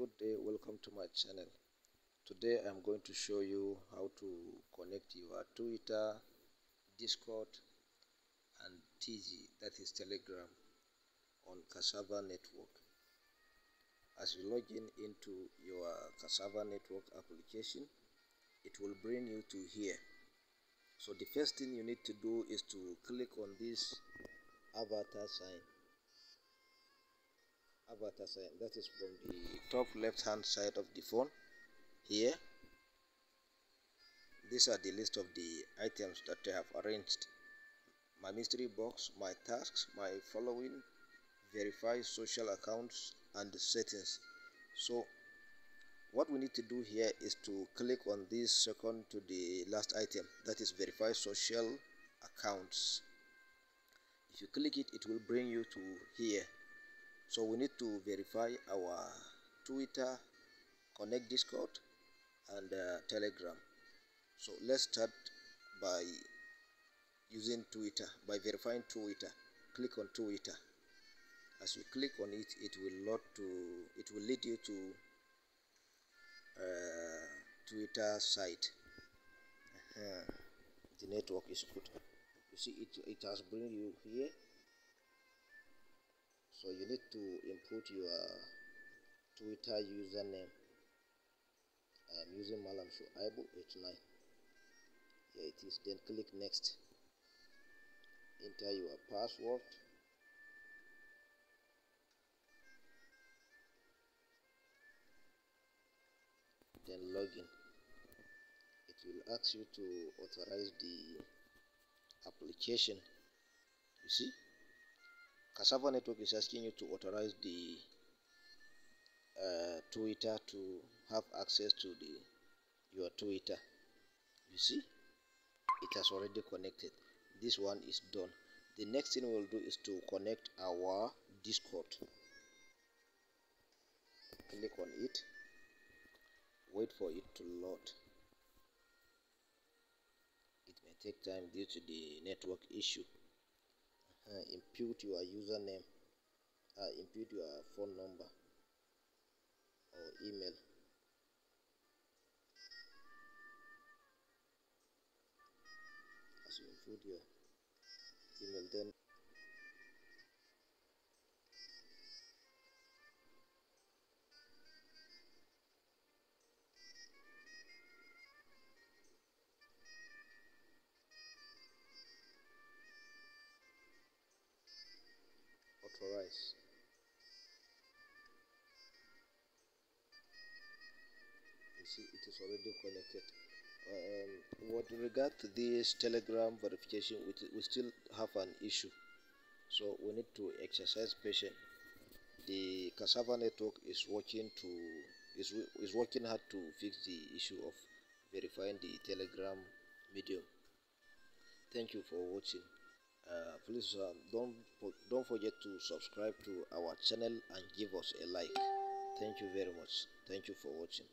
good day welcome to my channel today i'm going to show you how to connect your twitter discord and tg that is telegram on cassava network as you log in into your cassava network application it will bring you to here so the first thing you need to do is to click on this avatar sign avatar sign that is from the top left hand side of the phone here these are the list of the items that I have arranged my mystery box my tasks my following verify social accounts and settings so what we need to do here is to click on this second to the last item that is verify social accounts if you click it it will bring you to here so we need to verify our Twitter, Connect Discord, and uh, Telegram. So let's start by using Twitter, by verifying Twitter. Click on Twitter. As you click on it, it will to, it will lead you to uh, Twitter site. Uh -huh. The network is good. You see, it it has bring you here so you need to input your twitter username i am using malam shuaibu 89 here it is then click next enter your password then login it will ask you to authorize the application you see Cassava Network is asking you to authorize the uh, Twitter to have access to the your Twitter. You see, it has already connected. This one is done. The next thing we'll do is to connect our Discord. Click on it. Wait for it to load. It may take time due to the network issue uh, input your username uh, input your phone number or email as you input your email then for You see, it is already connected. Um, with regard to this telegram verification, we still have an issue. So we need to exercise patience. The cassava network is working to is is working hard to fix the issue of verifying the telegram medium. Thank you for watching. Uh, please uh, don't don't forget to subscribe to our channel and give us a like thank you very much thank you for watching